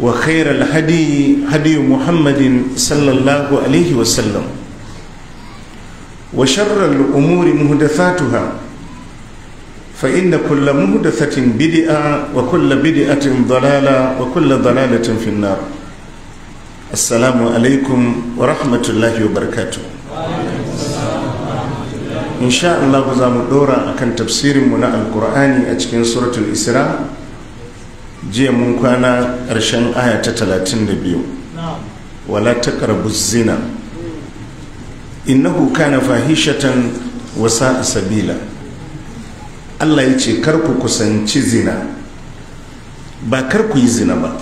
وخير الهدي هدي محمد صلى الله عليه وسلم وشر الأمور مهدثاتها فإن كل مهدثة بدئة وكل بدئة ضلالة وكل ضلالة في النار السلام عليكم ورحمة الله وبركاته إن شاء الله زام دورا أكن تفسير من القرآن أتكين سورة الإسراء jiya mun kwana ƙarshen aya ta talatin da biyu. wala ta karbu zina innahu kana fahishatan wasa a sabila allah ya ce karku kusanci zina ba karku yi zina ba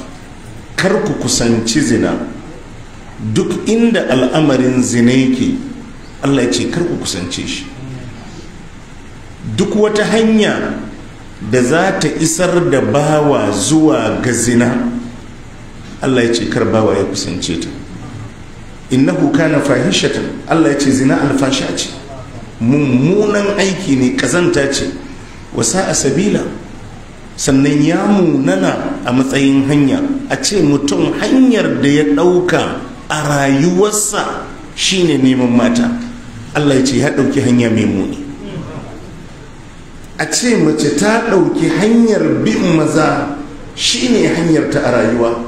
karku kusanci zina duk inda al'amarin zina yake allah ya ce karku kusance shi duk wata hanya da za ta isar da bawa zuwa ga zina Allah ya ce kar bawa ya kusance ta innahu kana fahishatan Allah ya ce zina alfasha ce mummunan aiki ne kazanta ce wasa a sabila sannan ya munana a matsayin hanya a ce mutum hanyar da ya ɗauka a rayuwarsa shine neman mata Allah ya ce ya ɗauki hanya mai muni a ce mace ta ɗauki hanyar bin maza shine hanyar ta a rayuwa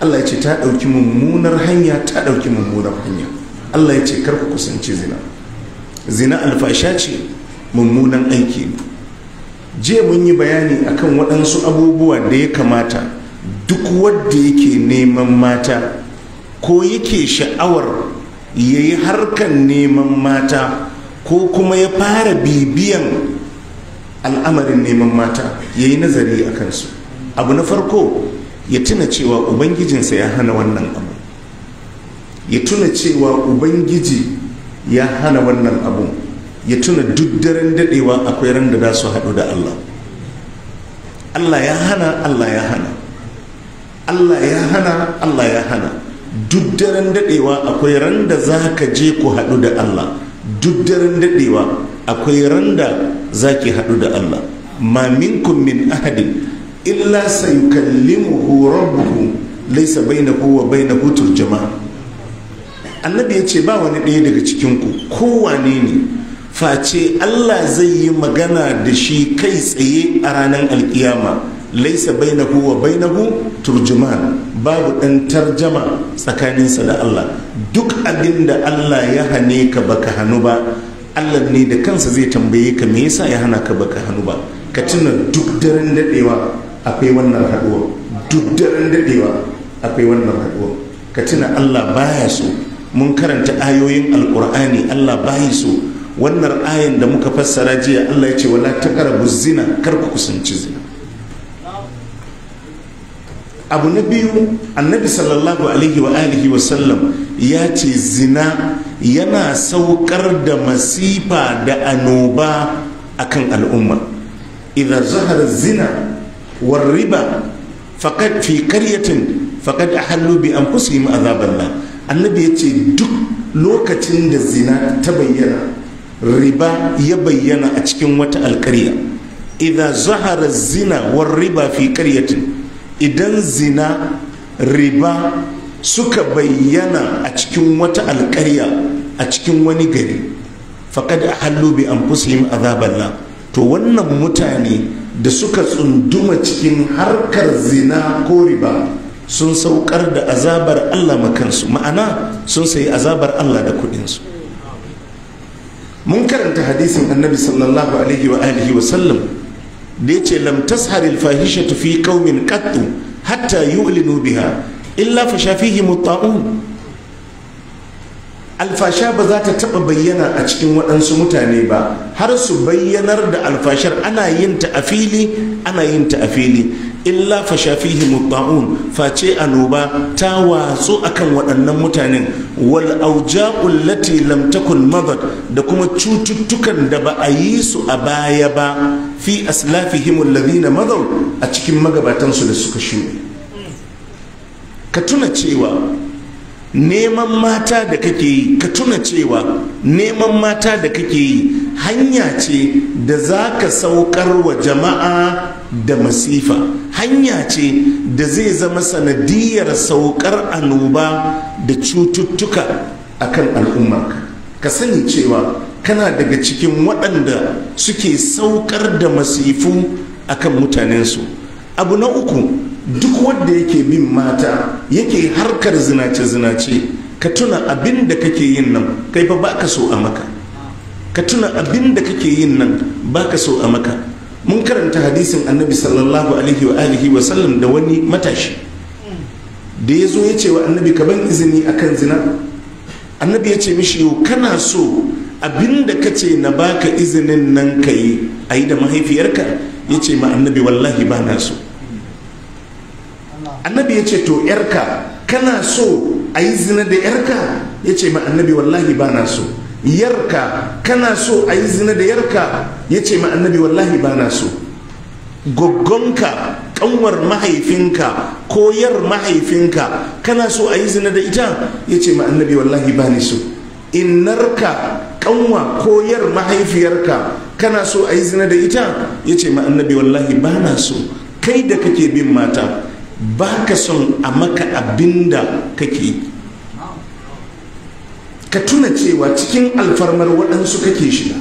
Allah ya ce ta ɗauki mummunar hanya ta ɗauki mummunar hanya Allah ya ce karku kusanci zina zina alfasha ce mummunan aiki je mun yi bayani akan waɗansu abubuwa da ya kamata duk wadda yake neman mata ko yake sha'awar ya yi harkar neman mata ko kuma ya fara bibiyan al'amarin neman mata ya yi nazari a kansu abu na farko ya tuna cewa ubangijinsa ya hana wannan abu ya tuna cewa ubangiji ya hana wannan abu ya tuna duk daren dadewa akwai ran da za su haɗu da allah allah ya hana allah ya hana allah ya hana allah ya hana duk daren dadewa akwai ran da za ka je ku haɗu da allah duk daren daɗewa akwai randa za ki haɗu da Allah ma minkum min ahadin illa sayukallimuhu rabbuhu laysa bainahu wa bainahu turjama annabi ya ce ba wani ɗaya daga cikin ku kowane ne face Allah zai yi magana da shi kai tsaye a ranar alkiyama laisa bainahu wa bainahu turjuman babu ɗan tarjama tsakaninsa da Allah duk abinda Allah ya hane ka baka hannu ba Allah ne da kansa zai tambaye ka me yasa ya hana ka baka hannu ba ka tuna duk daren dadewa akwai wannan haduwa duk daren dadewa akwai wannan haduwa ka tuna Allah baya so mun karanta ayoyin alƙur'ani Allah baya so wannan ayin da muka fassara jiya Allah ya ce wala takarabu zina kar ku kusanci zina abu na biyu annabi sallallahu alaihi wa alihi wa sallam ya ce zina yana saukar da masifa da a akan al'umma idan zahar zina war riba faqad fi qaryatin faqad ahallu bi anfusihim azaballah annabi ya ce duk lokacin da zina ta bayyana riba ya bayyana a cikin wata alƙarya. idan zahar zina war riba fi qaryatin idan zina riba suka bayyana a cikin wata alƙarya a cikin wani gari faƙad a hallo bi an fuslim azaballa to wannan mutane da suka tsunduma cikin harkar zina ko riba sun saukar da azabar allah makansu ma'ana sun sayi azabar allah da kuɗinsu mun karanta hadisin annabi sallallahu alaihi wa alihi wa sallam da ya ce lam tasharil fahishatu fi qaumin qattu hatta yu'linu biha illa fa shafihi mutta'un alfasha ba za ta taba bayyana a cikin waɗansu mutane ba har su bayyanar da alfashar ana yin ta a fili ana yin ta a fili illa fa shafihi fa face annoba ta watsu akan waɗannan mutanen wal auja'ul lati lam takun madad da kuma cututtukan da ba a yi su a baya ba fi aslafihim alladhina madaw a cikin magabatan su da suka shuɗe ka tuna cewa neman mata da kake yi ka tuna cewa neman mata da kake yi hanya ce da za ka saukar wa jama'a da masifa hanya ce da zai zama sanadiyar saukar annoba da cututtuka a kan al'umma, ka sani cewa kana daga cikin waɗanda suke saukar da masifu akan mutanensu abu na uku duk wanda yake bin mata yake harkar zinace-zinace ka tuna abin da kake yin nan kai fa baka so a maka ka tuna abin da kake yin nan baka so a maka mun karanta hadisin annabi sallallahu alaihi wa alihi wa sallam da wani matashi da ya zo ya ce wa annabi ka ban izini akan zina annabi ya ce mishi yau kana so abinda ka ce na baka izinin nan ka yi a yi da mahaifiyarka ya ce ma annabi wallahi ba na so annabi ya ce to yarka kana so a yi zina da yarka ya ce ma annabi wallahi ba na so yarka kana so a yi zina da yarka ya ce ma annabi wallahi ba na so goggonka kanwar mahaifinka ko yar mahaifinka kana so a yi zina da ita ya ce ma annabi wallahi ba ni so innarka kanwa ko yar mahaifiyarka kana so a yi zina da ita ya ce ma annabi wallahi ba na so kai da kake bin mata ba ka son a maka abinda kake yi ka tuna cewa cikin alfarmar waɗansu kake shiga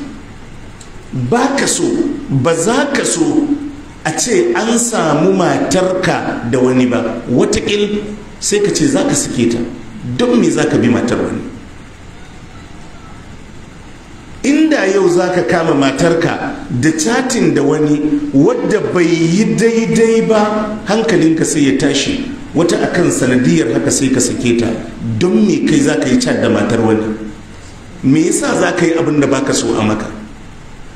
ba ka so ba za ka so a ce an samu matarka da wani ba watakil sai ka ce za ka suke ta don me za ka bi matar wani yau za ka kama matarka da catin da wani wadda bai yi daidai ba hankalinka sai ya tashi wata akan sanadiyar haka sai ka sake ta don me kai za ka yi cat da matar wani me yasa za ka yi abin da baka so a maka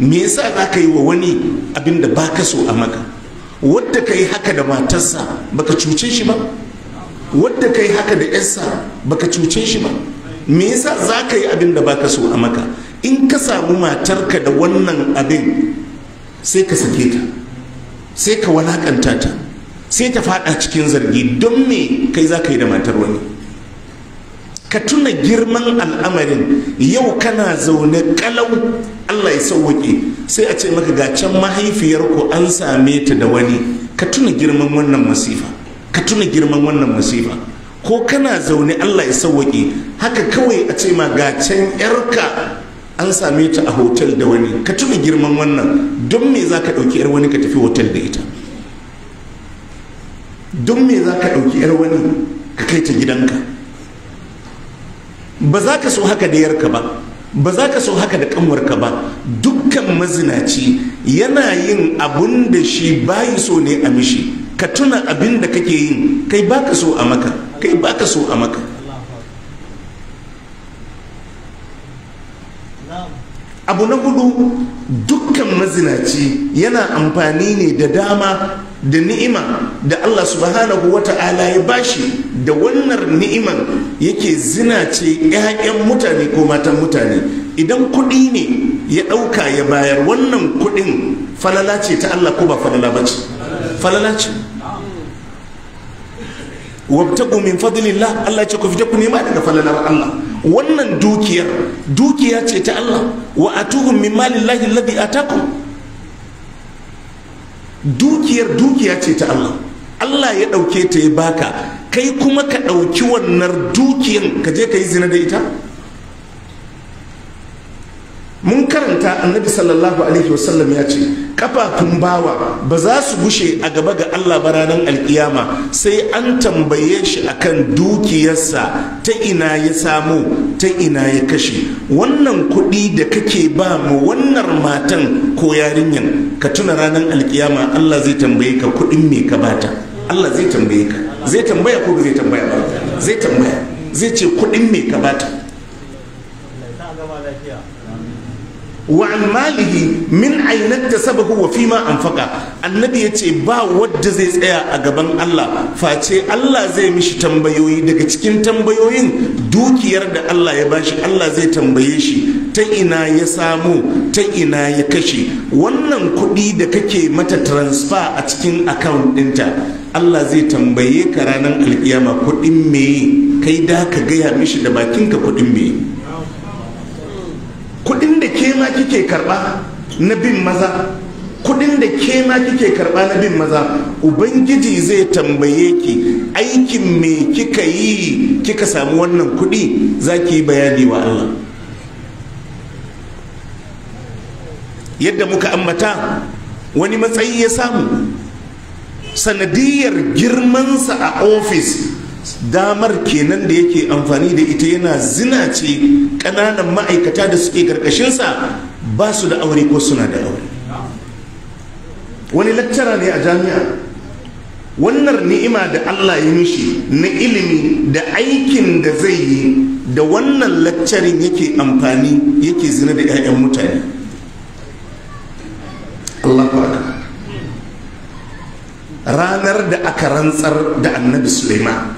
me yasa za ka yi wa wani abin da baka so a maka wadda ka yi haka da matarsa baka cuce shi ba wadda ka yi haka da yarsa baka cuce shi ba me yasa za ka yi abin da baka so a maka in ka samu matarka da wannan abin sai ka sake ta sai ka walakanta ta sai ta fada cikin zargi don me kai za ka yi da matar wani ka tuna girman al'amarin yau kana zaune kalau allah ya sauwaƙe sai a ce maka ga can mahaifiyar an same ta da wani ka tuna girman wannan masifa ka tuna girman wannan masifa ko kana zaune allah ya sauwaƙe haka kawai a ce ma ga can yarka an same ta a hotel da wani ka tuna girman wannan don me za ka ɗauki 'yar wani ka tafi hotel da ita don me za ka ɗauki 'yar wani ka kai ta gidanka ba za ka so haka da yarka ba ba za ka so haka da kanwarka ba dukkan mazinaci yana yin abun da shi bayi so ne a mishi ka tuna abin da kake yin kai baka so a maka kai baka so a maka abu na gudu dukkan mazinaci yana amfani ne da dama da ni'ima da Allah subhanahu wa ta'ala ya bashi da wannan ni'iman yake zinace 'ya'yan mutane ko matan mutane idan kuɗi ne ya ɗauka ya bayar wannan kuɗin falala ce ta Allah ko ba falala ba ce falala ce wabtagu min fadlillah Allah ce ku fita ku nema daga falalar Allah wannan dukiyar dukiya ce ta Allah wa atuhum min malillahi alladhi atakum dukiyar dukiya ce ta Allah Allah ya ɗauke ta ya baka kai kuma ka ɗauki wannan dukiyar ka je ka yi zina da ita mun karanta annabi sallallahu alaihi wasallam ya ce kafafun bawa ba za su gushe a gaba ga Allah ba ranar alkiyama sai an tambaye shi akan dukiyarsa ta ina ya samu ta ina ya kashe wannan kuɗi da kake ba mu wannan matan ko yarinyan ka tuna ranar alkiyama Allah zai tambaye ka kuɗin me ka bata Allah zai tambaye ka zai tambaya ko zai tambaya ba zai tambaya zai ce kuɗin me ka bata wa'an malihi min ainatta sabahu wa fima faka annabi yace ba wadda zai tsaya a gaban Allah face Allah zai mishi tambayoyi daga cikin tambayoyin dukiyar da Allah ya bashi Allah zai tambaye shi ta ina ya samu ta ina ya kashe wannan kuɗi da kake mata transfer a cikin account ɗinta Allah zai tambaye ka ranar alkiyama kuɗin meye kai da ka gaya mishi da bakinka kuɗin meye kuɗin da Kema kike karba na bin maza kudin da kema kike karba na bin maza ubangiji zai tambaye ki aikin me kika yi kika samu wannan kudi za ki yi bayani wa Allah yadda muka ambata wani matsayi ya samu sanadiyar girmansa a ofis damar kenan da yake amfani da ita yana zinace ƙananan ma'aikata da suke ƙarƙashinsa ba su da aure ko suna da aure wani lattara ne a jami'a wannan ni'ima da allah ya mishi na ilimi da aikin da zai yi da wannan laccarin yake amfani yake zina da 'ya'yan mutane allah ranar da aka rantsar da annabi suleiman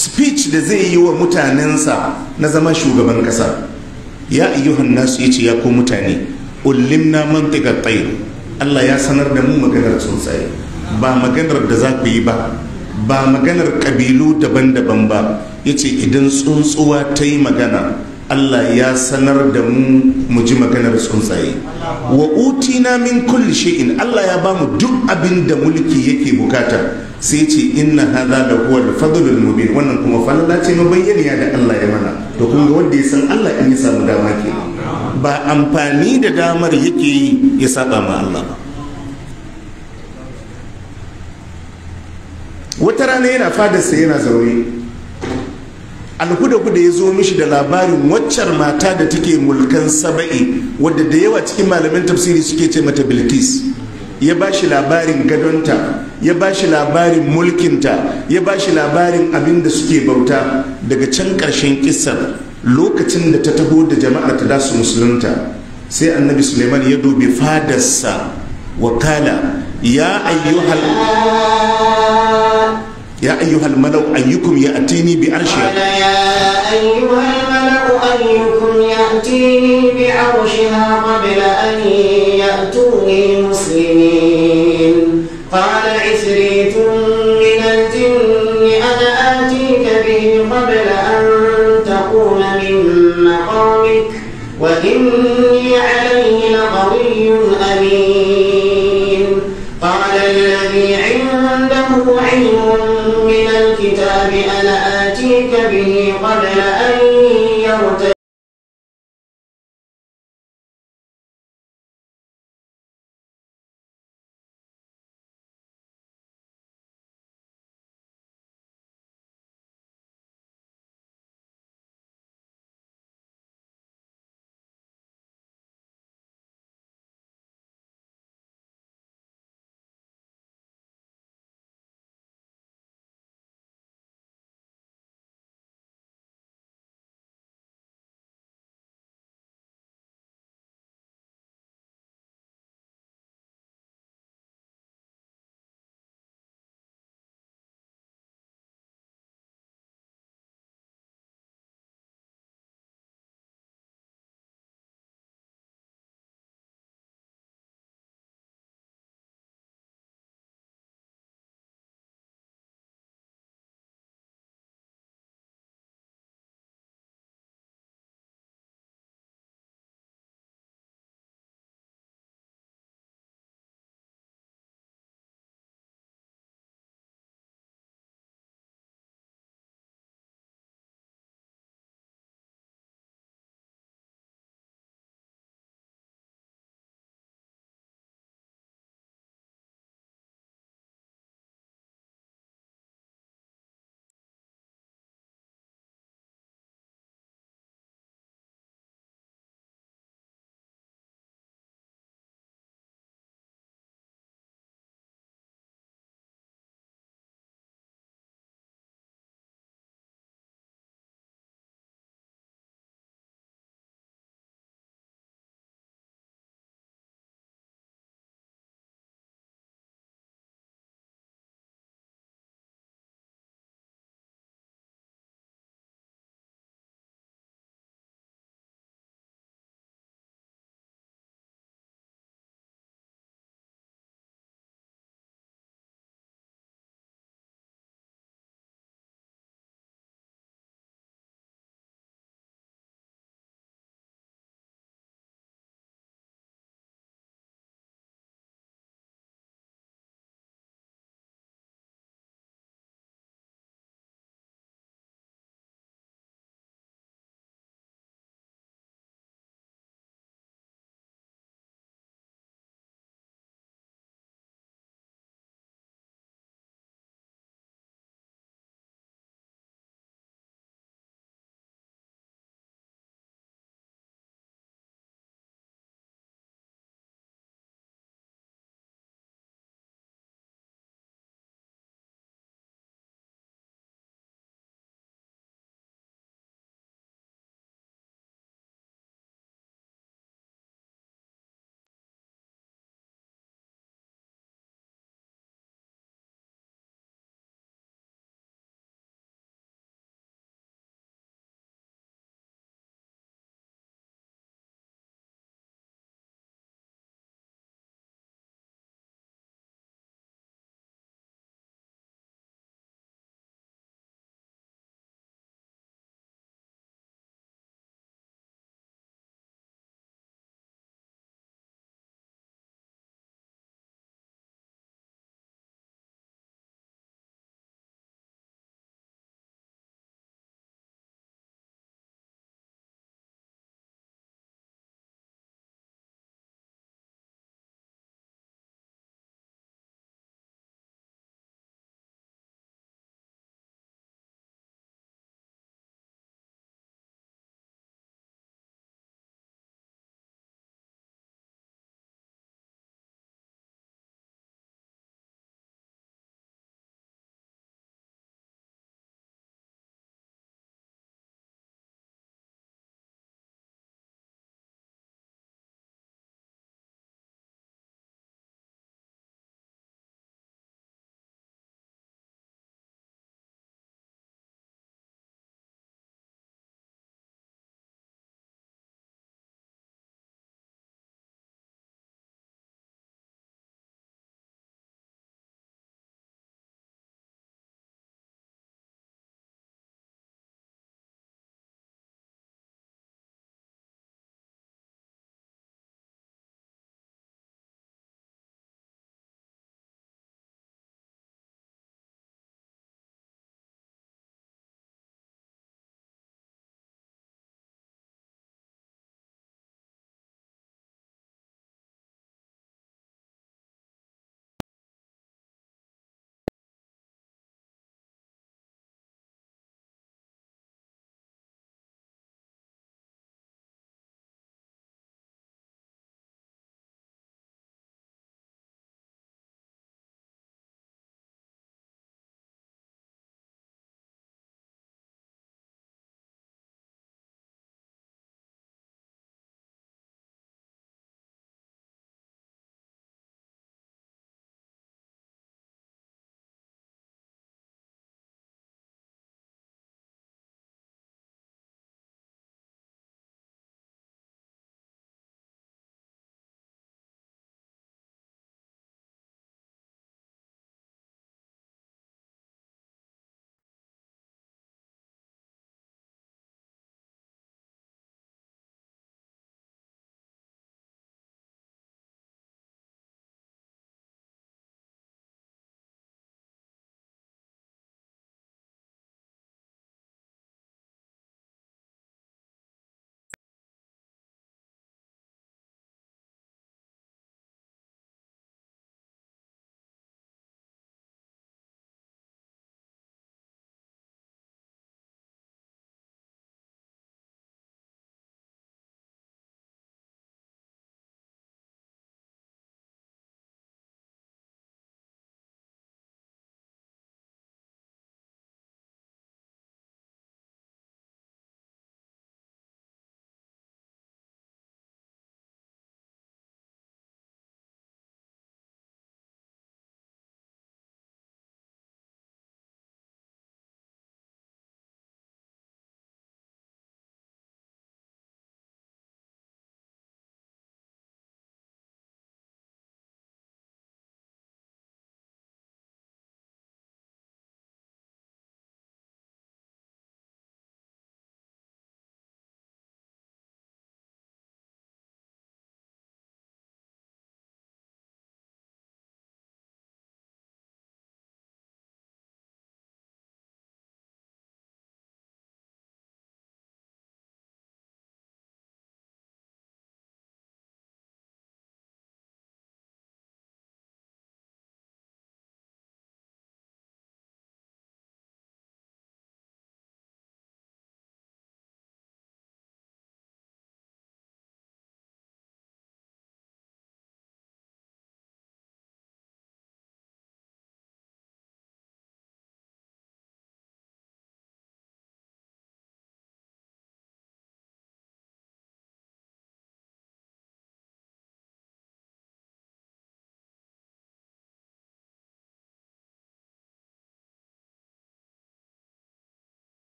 da zai yi wa mutanensa na zama shugaban kasa ya ayyuhan nasu ya ce ya ko mutane ullimna mantiqat tayr Allah ya sanar da mu maganar tsuntsaye ba maganar da za ku yi ba ba maganar kabilu daban-daban ba yace idan tsuntsuwa ta yi magana Allah ya sanar da mu mu ji maganar tsuntsaye wa utina min kulli shay'in Allah ya bamu duk abin da mulki yake bukata sai ce inna hadha da huwa al-fadlul mubin wannan kuma falala ce bayyana da Allah ya mana to kun ga wanda ya san Allah in ya samu dama ke ba amfani da damar yake yi ya saba ma Allah ba wata rana yana fadarsa yana zaune alhuda-huda ya zo mishi da labarin waccar mata da take mulkan saba'i wadda da yawa cikin malamin tafsiri suke ce mata bilkis ya ba shi labarin gadonta ya ba shi labarin mulkinta ya ba shi labarin abin da suke bauta daga can ƙarshen kisar lokacin da ta taho da jama'ar ta dasu musulunta sai annabi suleiman ya dobe fadarsa wakala ya ayyuhal يا أيها الملأ أيكم يأتيني بعرشها قال يا أيها الملأ أيكم يأتيني بعرشها قبل أن يأتوني مسلمين قال عفريت من الجن أنا آتيك به قبل أن تقوم من مقامك وإني عليه لقوي أمين ولا أن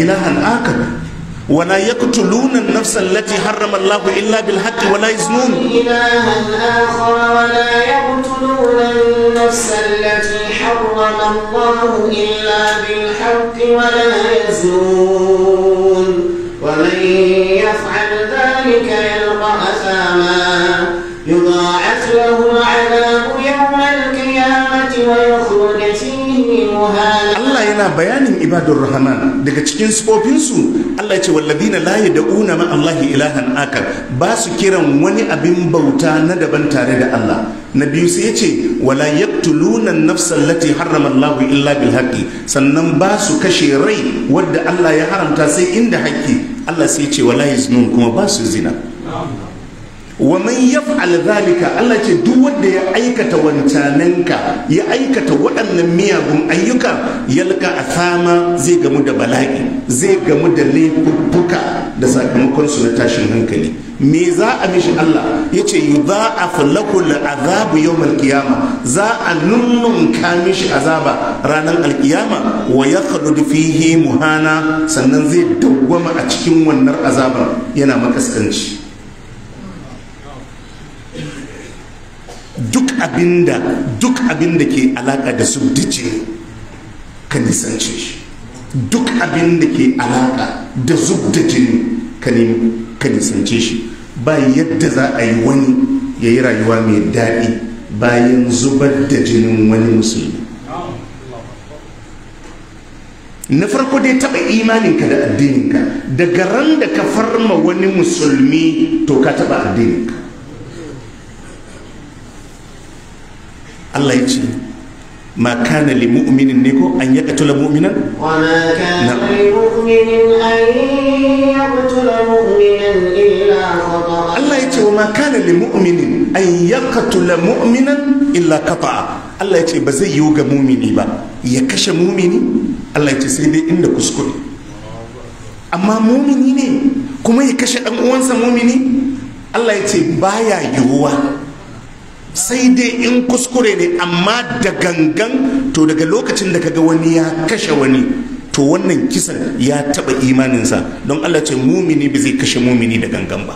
إلها آخر ولا يقتلون النفس التي حرم الله إلا بالحق ولا يزنون إلها آخر ولا يقتلون النفس التي حرم الله إلا بالحق ولا يزنون ومن يفعل ذلك يلقى أثاما يضاعف له العذاب ana bayanin ibadur rahman daga cikin sifofinsu Allah ce na walladina da una ma Allahi ilahan akar ba su kiran wani abin bauta na daban tare da Allah na biyu sai yace wala yaqtuluna an-nafsa allati harrama Allahu illa bil haqqi sannan ba su kashe rai wadda Allah ya haramta sai inda haƙƙi Allah sai ce wala yaznun kuma ba su zina wa man yaf'al zalika Allah ce duk wanda ya aikata wancananka ya aikata waɗannan miyagun ayyuka yalka asama zai gamu da bala'i zai gamu da laifuka, da sakamakon su na tashin hankali me za a mishi Allah ya ce a lakul azabu yau malkiyama za a ka mishi azaba ranar alkiyama wa da fihi muhana sannan zai dawwama a cikin wannan azabar yana makaskanci duk abinda duk abinda ke alaka da dice ka nisanci shi duk abinda ke alaka da zub da jini ka nisance shi ba yadda za a yi wani ya yi rayuwa mai daɗi bayan zubar da jinin wani musulmi na farko dai taɓa imaninka da addininka daga ran da ka farma wani musulmi to ka taɓa addininka Allah ya ce ma kana li mu'minin ne ko an tula mu'minan wa ma kana li mu'minin an yaqtula mu'minan illa khata'a Allah ya ce wa ma kana li mu'minin an yaqtula mu'minan illa khata'a Allah ya ce ba zai yiwu ga mumini ba ya kashe mumini Allah ya ce sai dai inda kuskure amma mumini ne kuma ya kashe dan uwansa mumini Allah ya ce baya yiwuwa sai dai in kuskure ne amma da gangan to daga lokacin da kaga wani ya kashe wani to wannan kisan ya taba imaninsa don allah ce mumini ba zai kashe mumini da gangan ba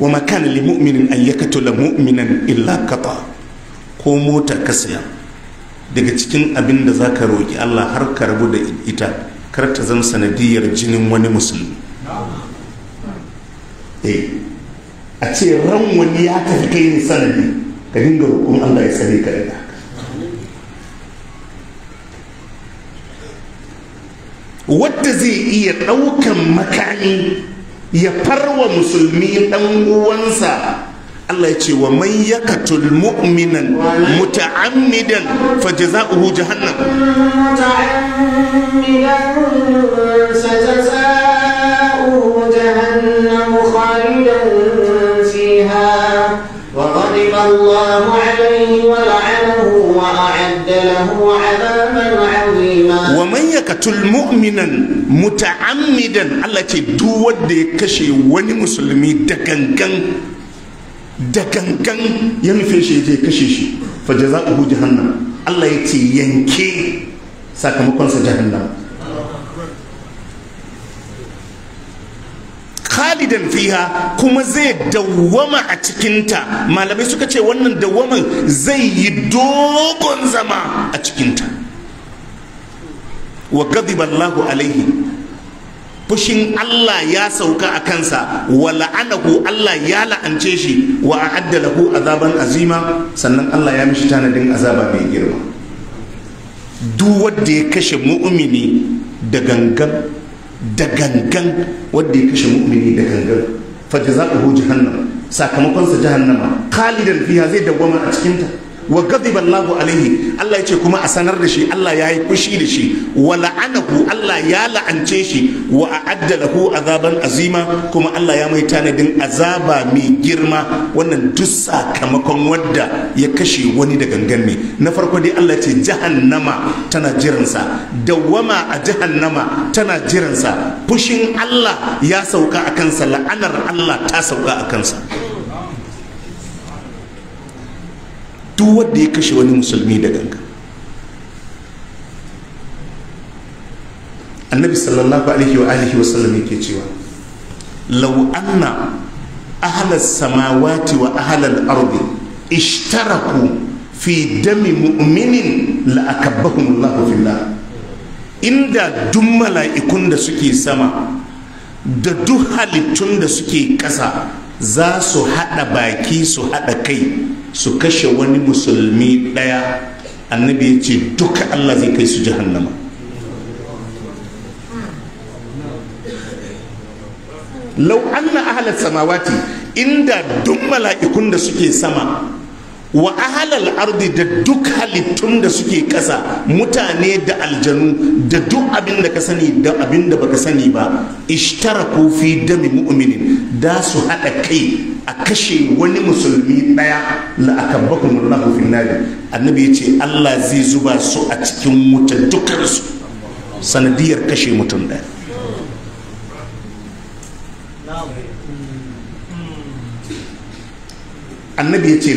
wa makana li mu'minin an yakatula mu'minan illa kata ko mota ka siya daga cikin abin da ka roƙi Allah har ka rabu da ita kar ta zama sanadiyar jinin wani musulmi a ce ran wani ya tafi kai ne sanadi ka dinga rukun Allah ya tsare ka daga wadda zai iya ɗaukan makani ya farwa musulmi ɗan uwansa Allah ya ce wa man yakatul mu'minan muta'ammidan fa jazaohu jahannam muta'ammidan جهنم خالدا فيها وغضب الله عليه ولعنه وأعد له عذابا عظيما ومن يقتل مؤمنا متعمدا على تدو ودي كشي وني مسلمي دكنكن دكنكن ينفي شيء كشي فجزاؤه جهنم الله يتي ينكي سakamakon sa khalidan fiha kuma zai dawwama a cikinta malamai suka ce wannan dawwaman zai yi dogon zama a cikinta wa ghadiba Allahu alaihi fushin Allah ya sauka a kansa wa la'anahu Allah ya la'ance shi wa a'adda azaban azima sannan Allah ya mishi tanadin azaba mai girma duk wanda ya kashe mu'mini da gangan da gangan wanda ya kashe mu'mini da gangan fa jazaohu jahannam sakamakon sa jahannama khalidan fiha zai dawwama a cikinta. wa ghadiba Allahu alaihi Allah yace kuma a sanar da shi Allah ya yi fushi da shi wa la'anahu Allah ya la'ance shi wa a'adda lahu azaban azima kuma Allah ya mai tanadin azaba mai girma wannan duk sakamakon wadda ya kashe wani da gangan ne na farko dai Allah ce jahannama tana jiransa dawwama a jahannama tana jiransa fushin Allah ya sauka a kansa la'anar Allah ta sauka a kansa duk wanda ya kashe wani musulmi da ganga annabi sallallahu alaihi wa alihi wa sallam yake cewa law anna ahlas samawati wa ahlal ardi ishtaraku fi dami mu'minin la akabbahum Allah fil inda duk mala'ikun da suke sama da duk halittun da suke ƙasa za su haɗa baki su haɗa kai su kashe wani musulmi ɗaya annabi ya ce duka allah zai kai su jahannama lau anna ahalar samawati inda duk mala'ikun da suke sama wa ahalal ardi da duk halittun da suke ƙasa mutane da aljanu da duk abin da ka sani da abin da baka sani ba ishtara fi dami mu'minin da su haɗa kai a kashe wani musulmi ɗaya la'akabbakum Allahu fi nadi annabi ya ce Allah zai zuba su a cikin wuta su sanadiyar kashe mutum ɗaya annabi ya ce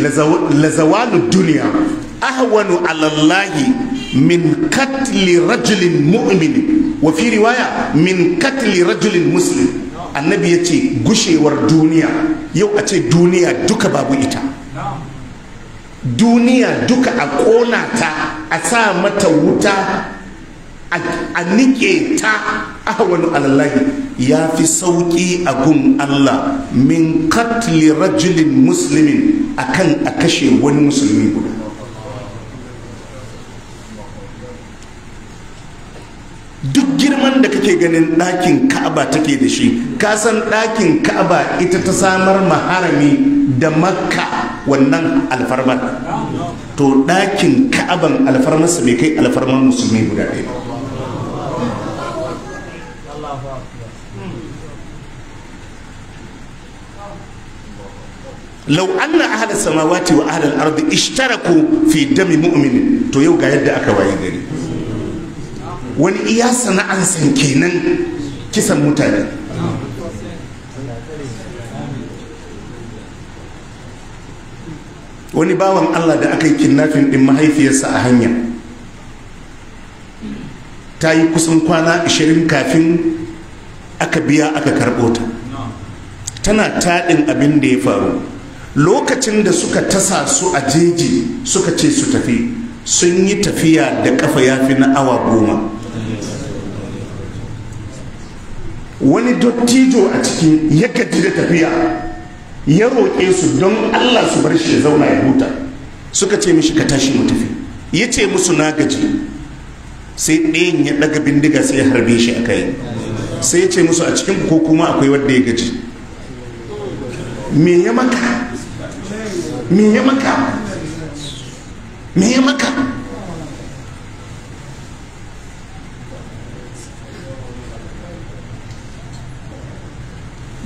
lazawalu duniya ahwanu alallahi min katli rajulin mu'min wa fi riwaya min katli rajulin muslim annabi ya ce gushewar duniya yau a ce duniya duka babu ita duniya duka a ƙona ta a sa mata wuta a nike ta wani alallahi ya fi sauƙi a gun Allah min katli rajulin musulmin akan a kashe wani musulmi guda duk girman da kake ganin ɗakin ka'aba take da shi kasan ɗakin ka'aba ita ta samar maharami da makka wannan alfarmar to ɗakin ka'aban alfarmarsa bai kai alfarmar musulmi guda ɗaya law anna ahla samawati wa ahla al-ardi ishtaraku fi dami mu'min to yau ga yadda aka waye gari wani iya sana'an san kenan kisan mutane wani bawan Allah da aka yi kinnafin din mahaifiyarsa a hanya ta yi kusan kwana 20 kafin aka biya aka karɓo ta tana taɗin abin da ya faru lokacin da suka tasa su a jeji suka ce su tafi sun yi tafiya da kafa ya fi na awa goma wani dottijo a cikin ya gaji da tafiya ya roƙe su don allah su bar shi ya zauna ya huta suka ce mishi ka tashi mu tafi ya ce musu na gaji sai ɗayan ya ɗaga bindiga sai ya harbe shi a kai sai ya ce musu a cikin ko kuma akwai wadda ya gaji me ya maka me ya maka me ya maka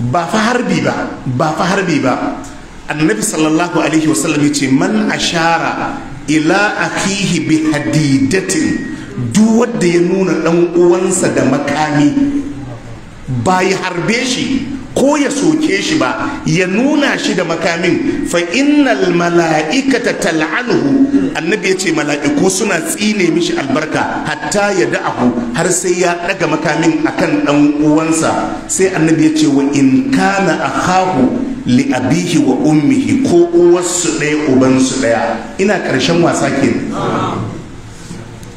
ba fa harbi ba ba fa harbi ba annabi sallallahu alaihi wasallam ya ce man ashara ila akihi bi hadidatin duk wanda ya nuna dan uwansa da makami ba ya harbe shi ko ya soke shi ba ya nuna shi da makamin fa innal mala'ikata tal'anuhu annabi ya ce mala'iku suna tsine mishi albarka hatta ya da'ahu har sai ya daga makamin akan dan uwansa sai annabi ya ce wa in kana akhahu li abihi wa ummihi ko uwarsu ɗaya su ɗaya ina karshen wasa kenan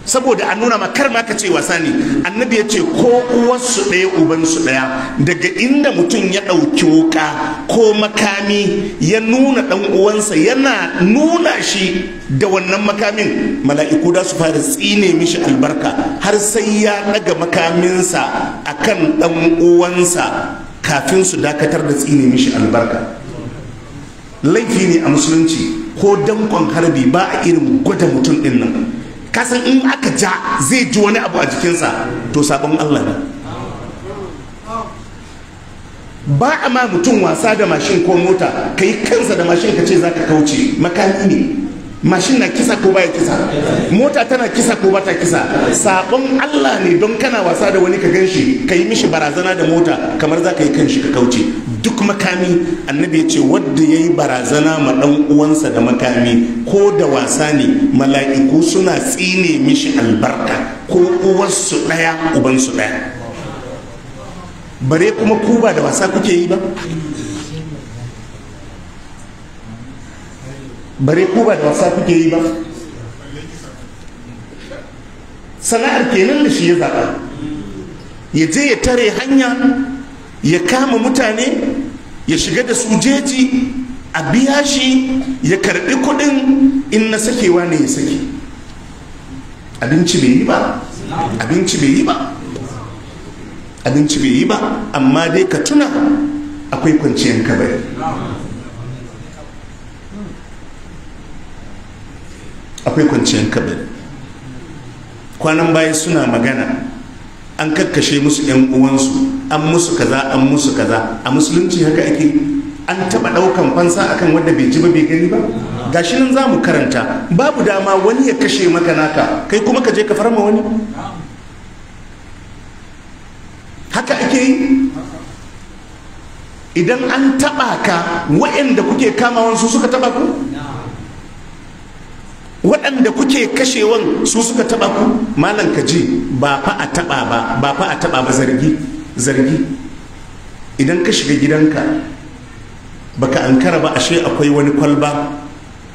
saboda a nuna makar ma ka ce wasa ne annabi ya ce ko uwansu ɗaya ubansu ɗaya daga inda mutum ya ɗauki wuka ko makami ya nuna ɗan uwansa yana nuna shi da wannan makamin mala'iku da su fara tsine mishi albarka har sai ya ɗaga makaminsa a kan ɗan uwansa kafin su dakatar da tsine mishi albarka laifi ne a musulunci ko dankon harbi ba a irin gwada mutum ɗin nan kasan in aka ja zai ji wani abu a jikinsa to sabon allah ne ba a ma mutum wasa da mashin ko mota ka yi kansa da mashin ka ce za ka kauce makami ne mashin na kisa ko baya kisa mota tana kisa ko bata kisa sabon Allah ne don kana wasa da wani ka ganshi ka yi mishi barazana da mota kamar za ka yi kanshi ka kauce duk makami annabi ya ce wadda ya yi barazana ma ɗan uwansa da makami ko da wasa ne mala'iku suna tsine mishi albarka ko uwarsu ɗaya ubansu ɗaya bare kuma ku ba da wasa kuke yi ba bare ku ba da wasa kuke yi ba sana'ar kenan da shi ya zaɓa ya je ya tare hanya ya kama mutane ya shiga da su jeji a biya shi ya karbi kudin in na sakewa ne ya sake abinci bai yi ba abinci bai yi ba abinci bai yi ba amma dai ka tuna akwai kwanciyar kabari akwai kwanciyar kabari kwanan baya suna magana an kakkashe musu yan uwansu an musu kaza an musu kaza a musulunci haka ake an taba daukan fansa akan wanda bai ji ba bai gani ba gashi nan zamu karanta babu dama wani ya kashe maka naka kai kuma ka je ka farma wani haka ake yi idan an taba ka waɗanda kuke kama wansu suka taba ku waɗanda kuke kashewan su suka taɓa ku malam ka ji ba fa a taɓa ba ba fa a taɓa ba zargi zargi idan ka shiga gidanka baka ankara ba ashe akwai wani kwalba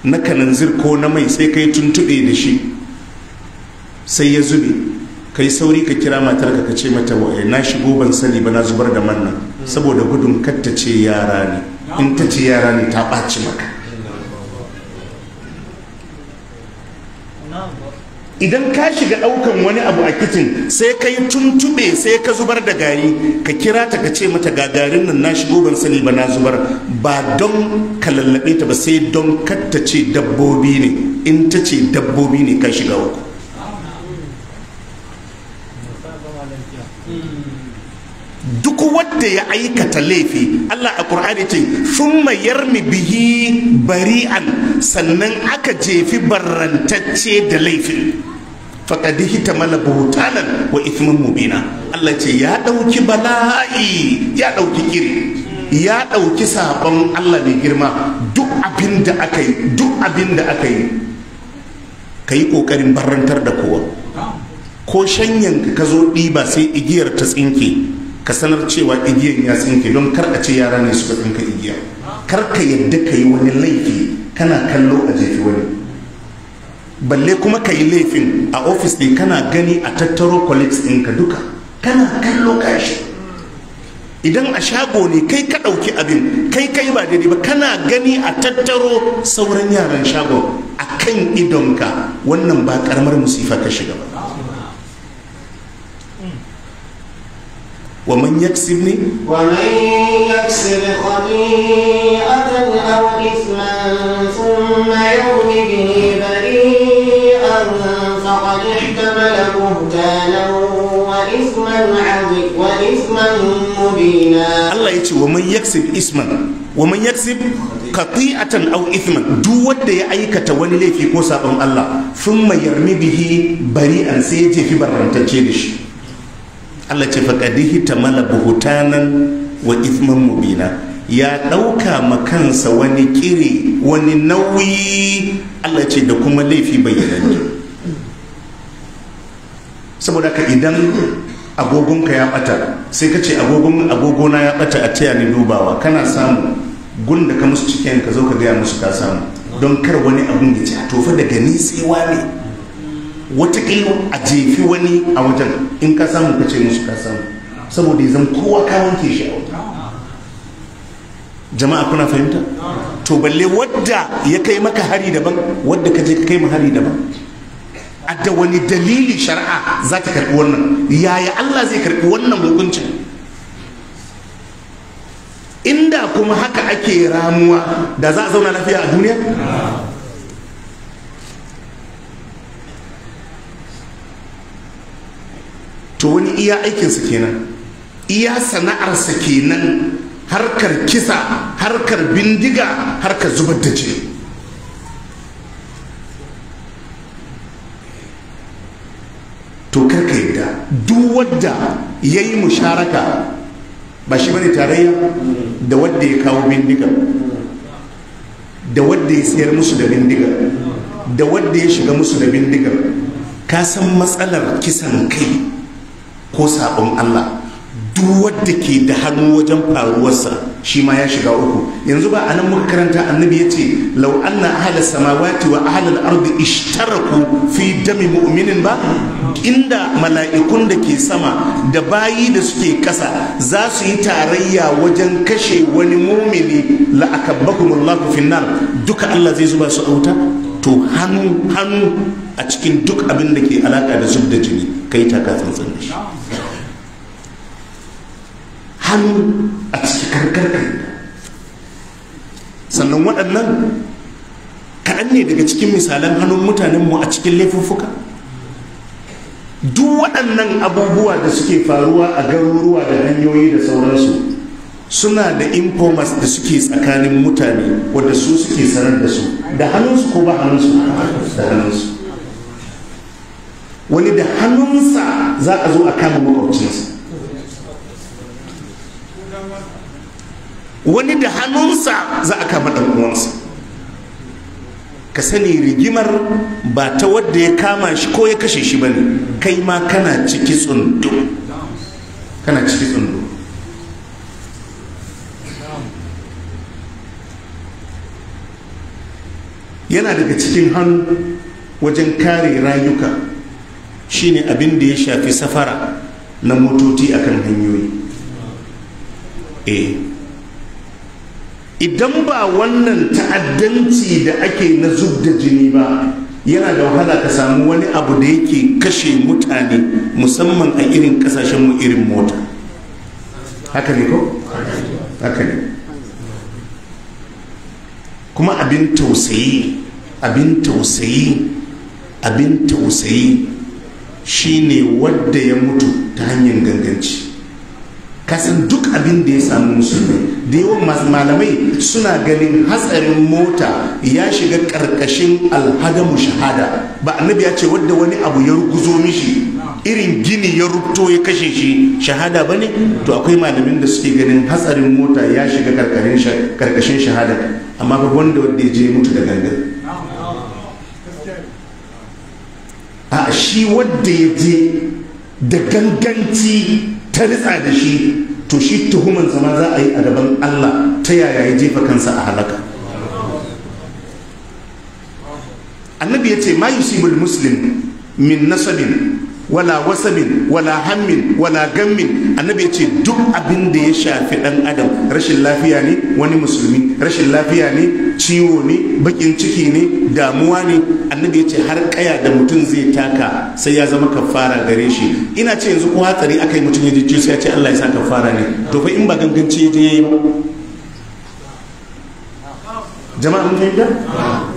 na kananzir ko na mai sai ka kai tuntuɓe da shi sai ya zube kai sauri ka kira matarka ka ce mata wa eh, na shigo ban sani ba na zubar da manna saboda gudun katta ce yara ne in ta ce yara ne ta ɓaci maka idan ka shiga ɗaukan wani abu a kitin sai ka yi tuntuɓe sai ka zubar da gari ka kira ta ka ce mata gagarin nan na shigo ban sani ba na zubar ba don ka lallaɓe ta ba sai don katta ce dabbobi ne in ta ce dabbobi ne ka shiga uku duk wadda ya aikata laifi Allah a Qur'ani ce thumma yarmi bihi bari'an sannan aka jefi barantacce da laifin hita mala buhutanan wa ithman mubina Allah ce ya ɗauki bala'i ya ɗauki kiri ya ɗauki sabon Allah mai girma duk abin da aka yi duk abin da aka yi yi ƙoƙarin barrantar da kowa ko shanyen ka zo ɗiba sai igiyar ta tsinke ka sanar cewa igiyar ya tsinke don kar a ce yara ne suka ɗinka igiya kar ka yadda ka yi wani laifi kana kallo a jefi wani balle kuma ka yi laifin a ofis ne kana gani a tattaro colleagues ɗinka duka kana kallo kashi idan a shago ne kai ka ɗauki abin kai kai ba daidai ba kana gani a tattaro sauran yaran shago a kan idonka wannan ba ƙaramar musifa ka shiga ba ومن يكسبني ومن يكسب خطيئة أو إثما ثم يرم به بريئا فقد احتمل بهتانا وإثما وإثما مبينا الله يتي ومن يكسب إثما ومن يكسب qati'atan aw ithman duk wanda ya aikata wani laifi ko sabon Allah thumma yarmi bihi bari'an sai ya jefi da shi Allah ce faƙadihi ta mala buhutanan wa ifman mubina ya ɗauka ma kansa wani kiri wani nauyi Allah ce da kuma laifi bayyananne saboda ka idan agogonka ya ɓata sai ka ce agogon agogona ya ɓata a taya ni dubawa kana samu gun da ka musu cikin ka zo ka gaya musu ka samu don kar wani abun ya ce a tofa daga ni sai wane watakila a jefi wani a wajen in ka samu ka ce musu ka samu saboda ya kowa ka wanke shi a jama'a kuna fahimta to balle wadda ya kai maka hari daban wadda ka je ka kai ma hari daban a da wani dalili shari'a za ta karɓi wannan yaya Allah zai karɓi wannan hukuncin inda kuma haka ake ramuwa da za a zauna lafiya a duniya to wani iya aikinsa kenan iya sana'arsa kenan harkar kisa harkar bindiga harkar zubar da ce to karka yadda duk wadda ya yi musharaka ba shi bane tarayya da wadda ya kawo bindiga da wadda ya sayar musu da bindiga da wadda ya shiga musu da bindiga ka san matsalar kisan kai ko sabon Allah duk wadda ke da hannu wajen faruwarsa shi ma ya shiga uku yanzu ba anan muka karanta annabi ya ce lau anna ahla samawati wa ahla al-ardi ishtaraku fi dami mu'minin ba inda mala'ikun da ke sama da bayi da suke kasa za su yi tarayya wajen kashe wani mumini la akabbakumullahu finnar duka Allah zai zuba su auta to hannu hannu a cikin duk abin da ke alaƙa da zub da jini kai taka tsantsan hannu a cikin karkarkar sannan waɗannan kaɗan ne daga cikin misalan hannun mutanen mu a cikin laifuffuka duk waɗannan abubuwa da suke faruwa a garuruwa da hanyoyi da sauransu suna da informas da suke tsakanin mutane wadda su suke sanar da su da hannunsu ko ba hannunsu da hannunsu wani da hannunsa za a zo a kama makwabcinsa wani da hannunsa za a kama ɗan uwansa ka sani rigimar ba ta wadda ya kama shi ko ya kashe shi bane kai ma kana ciki tsundu kana ciki tsundu yana daga cikin hannu wajen kare rayuka shine abin da ya shafi safara na motoci akan hanyoyi eh idan ba wannan ta'addanci da ake na zub da jini ba yana da wahala ka samu wani abu da yake kashe mutane musamman a irin mu irin mota haka ne ko? haka ne kuma abin tausayi abin tausayi abin tausayi shine wadda ya mutu ta hanyar ganganci kasan duk abin da ya samu ne da yawan malamai suna ganin hatsarin mota ya shiga karkashin alhadamu shahada ba annabi ya ce wadda wani abu ya ruguzo mishi irin gini ya rubto ya kashe shi shahada ba ne to akwai malamin da suke ganin hatsarin mota ya shiga karkashin shahada amma ba wanda wanda ya je mutu da gangan a shi wadda ya je da ganganci ta ritsa da shi to shi tuhuman zama za a yi a gaban Allah ta yaya ya jefa kansa a halaka annabi ya ce ma yusibul muslim min nasabin wala wasabin wala hammin wala gammin annabi ya ce duk abin da ya shafi dan adam rashin lafiya ne wani musulmi rashin lafiya ne ciwo ne bakin ciki ne damuwa ne annabi ya ce har kaya da mutum zai taka sai ya zama kafara gare shi ina ce yanzu ko hatsari aka yi mutum ya ji sai ya ce Allah ya sa kafara ne to fa in ba ganganci ya je yayi ba jama'a mun fahimta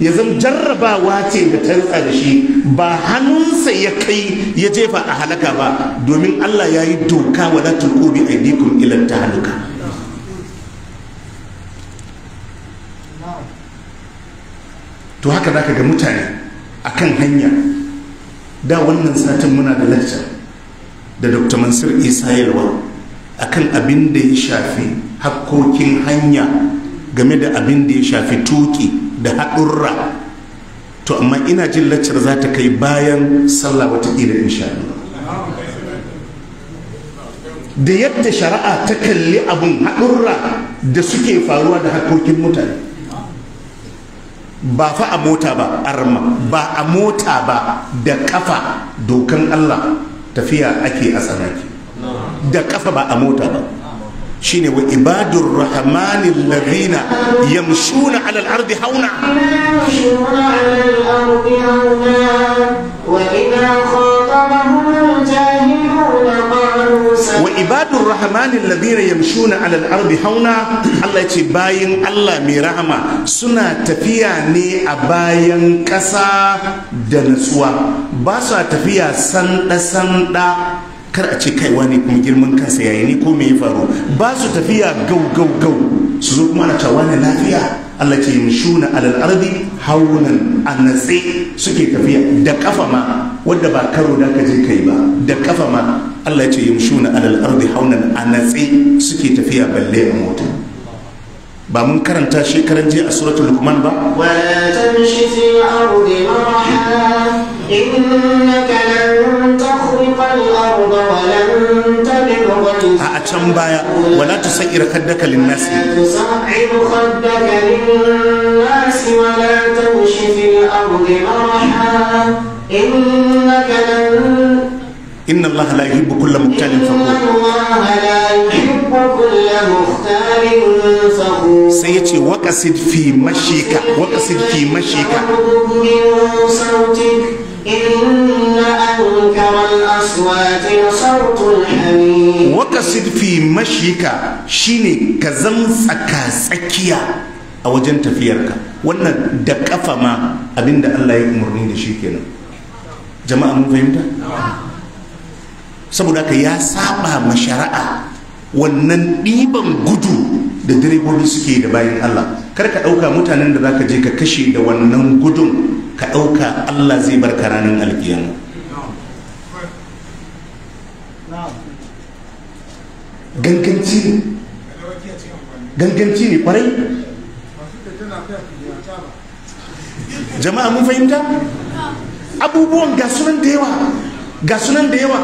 ya zama jarrabawa ce da ta da shi ba hannunsa ya kai ya jefa a halaka ba domin Allah ya yi doka wa kobi a yi ilan ta halaka to haka ka ga mutane a kan hanya da wannan satin muna da lecture da Dr. Mansur Isa Yalwa kan abin da ya shafi hakkokin hanya game da abin da ya shafi tuki da haɗurra to amma ina jin laccar za ta kai bayan sallah wata watakila insha da yadda shari'a ta kalli abun haɗurra da suke faruwa da harkokin mutane ba fa a mota ba arma ba a mota ba da ƙafa. dokan allah tafiya ake a tsanaki da ƙafa ba a mota ba shine wa ibadur rahmanin ladina yamshuna alal ardi hauna wa ibadun rahmanin ladina yamshuna alal ardi hauna Allah ce bayan Allah mai rahama suna tafiya ne a bayan ƙasa da nutsuwa. ba su tafiya sanda sanda kar a ce kaiwa ne kuma girman kansa yayi ne ko me ya faru ba su tafiya gau gau gau su zo kuma ana cewa ne lafiya Allah ce yamshuna alal ardi haunan a natse suke tafiya da kafa ma wanda ba karo da ka je kai ba da kafa ma Allah ce yamshuna alal ardi haunan a natse suke tafiya balle a mota ba mun karanta shekaran jiya a suratul lukman ba wala tamshi fil ardi marha innaka lan a can baya wala ta ولا تمشي في الأرض مرحا إنك لن إن الله لا يحب كل مختال فخور إن الله لا يحب كل مختال فخور سيتي وقصد في مشيك وقصد في مشيك إن أنكر الأصوات لصوت الحميد وكسد في مشيك شيني a wajen tafiyarka wannan da kafa ma abinda Allah ya umarni da shi kenan jama'a mun fahimta saboda ka ya saba ma shari'a wannan ɗiban gudu da direbobi suke da bayan Allah kar ka ɗauka mutanen da za ka je ka kashe da wannan gudun ka ɗauka allah zai barka ranar alkiyama ganganci ne ganganci ne kwarai jama'a mun fahimta abubuwan gasunan da yawa gasunan da yawa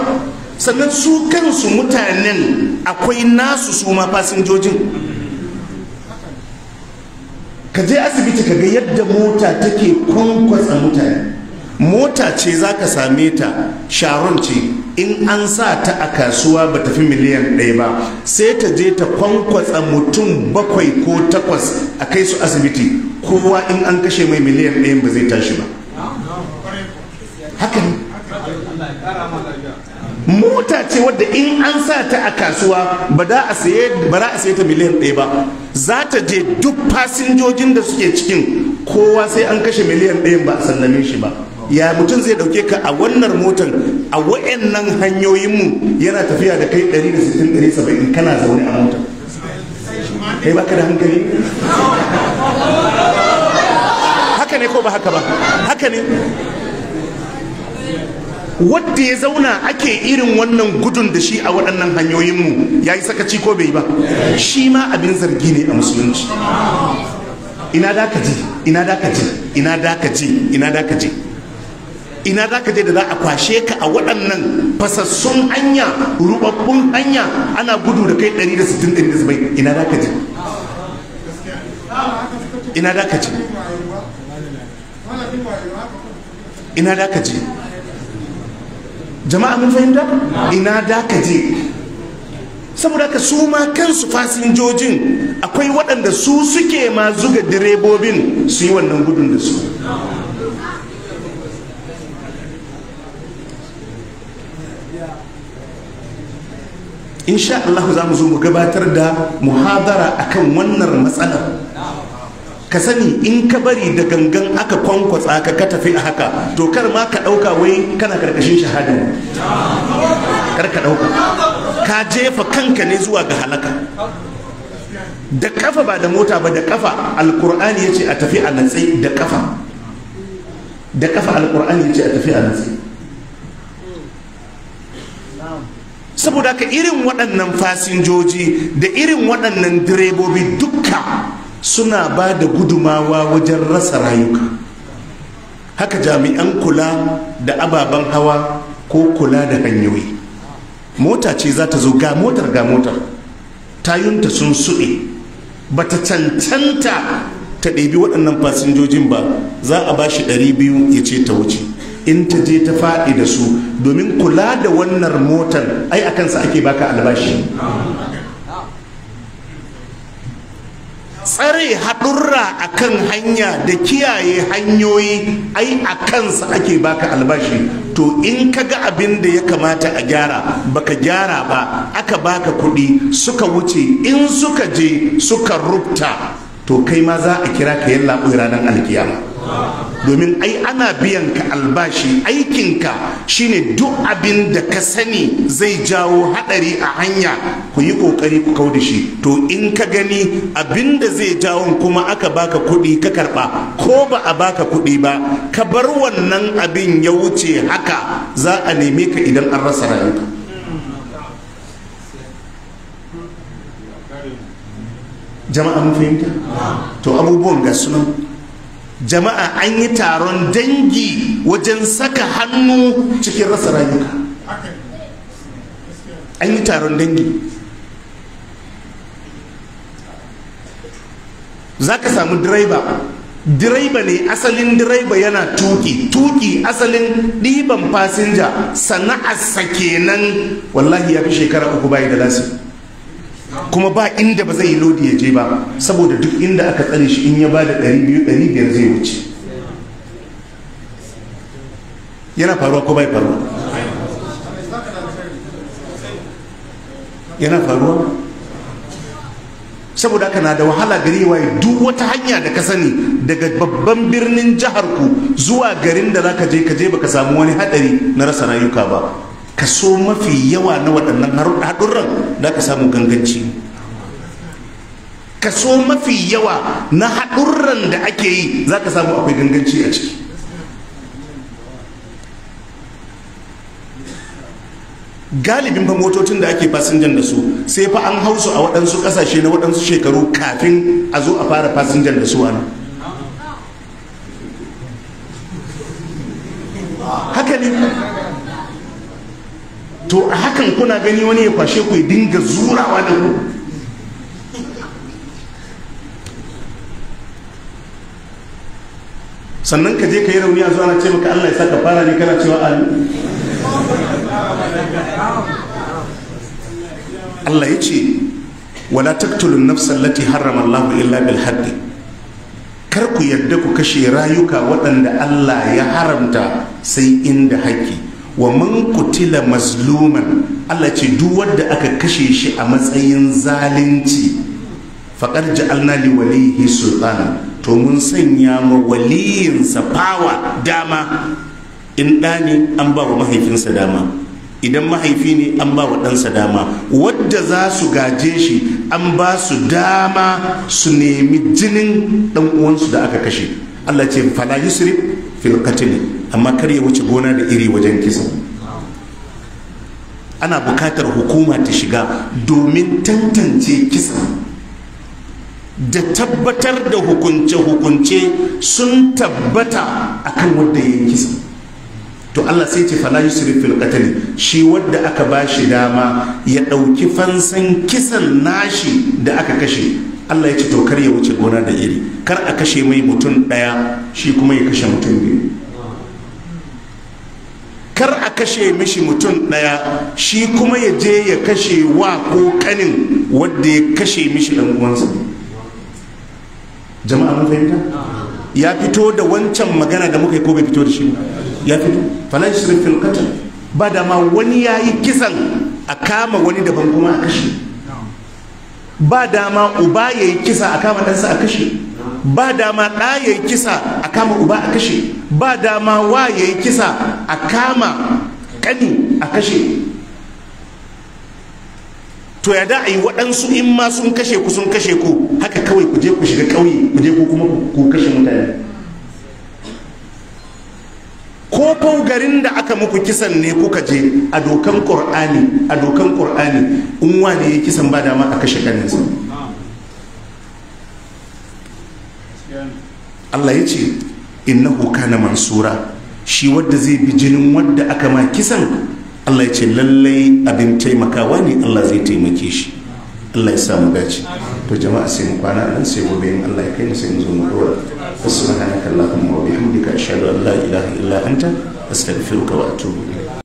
sannan su kansu mutanen akwai nasu su ma fasinjojin ka je asibiti ka ga yadda mota take kwankwasa mutane mota ce za ka same ta sharon ce in an sa ta a kasuwa ba tafi miliyan ɗaya ba sai ta je ta kwankwasa mutum bakwai ko takwas a kai su asibiti kowa in an kashe mai miliyan ɗaya ba zai tashi ba haka mota ce wadda in an sa ta a kasuwa ba za a saye ta miliyan ɗaya ba za ta je duk fasinjojin da suke cikin kowa sai an kashe miliyan ɗayan ba a sallame shi ba ya mutum zai dauke ka a wannan motar a wa'annan hanyoyinmu yana tafiya da kai 160-170 kana zaune a motar kai baka da hankali haka ne ko ba haka ba haka ne wadda ya zauna ake irin wannan gudun da shi a waɗannan hanyoyinmu ya yi sakaci ko bai ba shi ma abin zargi ne a musulunci ina da ka je ina da ka je ina da ka je ina da ka je ina da ka je da za a kwashe ka a waɗannan fasassun hanya rubabbun hanya ana gudu da kai 160 ina da je ina da je ina da ka je jama'a mun fahimta ina da ka je saboda ka su ma kansu fasinjojin akwai waɗanda su suke ma zuga direbobin su yi wannan gudun da su insha Allah za mu zo mu gabatar da muhadara akan wannan matsalar ka sani in ka bari da gangan aka kwankwatsa ka ka tafi a haka to kar ma ka ɗauka wai kana karkashin shahada kar ka ɗauka ka jefa kanka ne zuwa ga halaka da kafa ba da mota ba da kafa alkur'ani ya ce a tafi a natsi da kafa da kafa alkur'ani ya ce a tafi a natsi saboda ka irin waɗannan fasinjoji da irin waɗannan direbobi dukka suna ba da gudumawa wajen rasa rayuka haka jami'an kula da ababen hawa ko kula da hanyoyi mota ce za ta zo ga motar ga motar tayunta sun suɗe ba ta cancanta ta ɗebi waɗannan fasinjojin ba za a ba shi ɗari biyu ya ce ta wuce in ta je ta faɗi da su domin kula da wannan motar ai a kansa ake baka albashi zai haɗurra a kan hanya da kiyaye hanyoyi ai a kansa ake baka albashi to in ka ga abin da ya kamata a gyara baka gyara ba aka baka kuɗi suka wuce in suka je suka rubta to kai ma za a kira ka yalla ranar alkiyama domin ai ana biyan ka albashi aikin ka shine duk abin da ka sani zai jawo hadari a hanya ku yi kokari ku kau da shi to in ka gani abin da zai jawo kuma aka baka kuɗi ka karba ko ba a baka kuɗi ba ka bar wannan abin ya wuce haka za a neme ka idan an rasa rayuka jama'a mun fahimta to abubuwan ga sunan jama'a an yi taron dangi wajen saka hannu cikin rasa rayuka an yi taron dangi za ka samu direba direba ne asalin direba yana tuki tuki asalin ɗiban fasinja sana'a sake kenan wallahi ya fi shekara uku bayi da lasi kuma ba inda ba zai yi lodi ya je ba saboda duk inda aka tsare shi in ya ba da 200-500 zai wuce yana faruwa ko bai faruwa yana faruwa saboda haka na da wahala gari waye duk wata hanya da ka sani daga babban birnin jihar ku zuwa garin da za ka je ka je ba ka samu wani hadari na rasa rayuka ba kaso mafi yawa na waɗannan haɗurran da ka samu ganganci kaso mafi yawa na haɗurran da ake yi za ka samu akwai ganganci a ciki galibin fa motocin da ake fasinjan da su sai fa an hausu a waɗansu ƙasashe na waɗansu shekaru kafin a zo a fara fasinjan da su a to a hakan kuna gani wani ya kwashe ku ya dinga zurawa da ku sannan ka je ka yi rauni a zuwa na ce maka Allah ya sa ka fara ne kana cewa a Allah ya ce wala taktulun nafsan lati harrama Allah illa bil haddi kar ku yarda ku kashe rayuka waɗanda Allah ya haramta sai inda haƙƙi wa mun kutila mazluman Allah ce duk wanda aka kashe shi a matsayin zalunci faqad ja'alna li walihi sultana to mun sanya ma waliyinsa fawa dama in ɗa ne an ba wa mahaifinsa dama idan mahaifi ne an ba wa ɗansa dama wadda za su gaje shi an ba su dama su nemi jinin ɗan uwansu da aka kashe Allah ce fala yusrif fil qatl amma kar ya wuce gona da iri wajen kisa ana bukatar hukuma ta shiga domin tantance kisa da tabbatar da hukunce-hukunce sun tabbata akan wadda ya yi kisa to Allah sai ce fala yusrif fil shi wadda aka ba shi dama ya ɗauki fansan kisan nashi da aka kashe Allah ya ce to kar ya wuce gona da iri kar a kashe mai mutum ɗaya, shi kuma ya kashe mutum biyu kar a kashe mishi mutum ɗaya shi kuma ya je ya kashe wa ko kanin wadda ya kashe mishi ɗan uwansa jama'a mun fahimta ya fito da wancan magana da muka yi ko bai fito da shi ya fito falan shirin ba da ma wani ya yi kisan a kama wani daban kuma a kashe ba dama uba ya yi kisa a kama ɗansa a kashe ba dama ɗa ya yi kisa a kama uba a kashe ba dama wa ya yi kisa a kama ƙani a kashe to ya da a yi waɗansu in ma sun kashe ku sun kashe ku haka kawai ku je ku shiga ƙauye ku je ku kuma ku kashe mutane ko garin da aka muku kisan ne kuka je a dokan ƙur'ani a dokan ƙur'ani in wane ya kisan ba dama a kashe ƙaninsa Allah ya ce innahu kana mansura shi wadda zai bi jinin wadda aka ma kisan Allah ya ce lallai abin taimakawa ne Allah zai taimake shi Allah ya samu dace to jama'a sai mu kwana nan sai gobe in Allah ya kai mu sai mu zo mu dora subhanakallahumma wa bihamdika ashhadu an la ilaha illa anta astaghfiruka wa atubu ilayk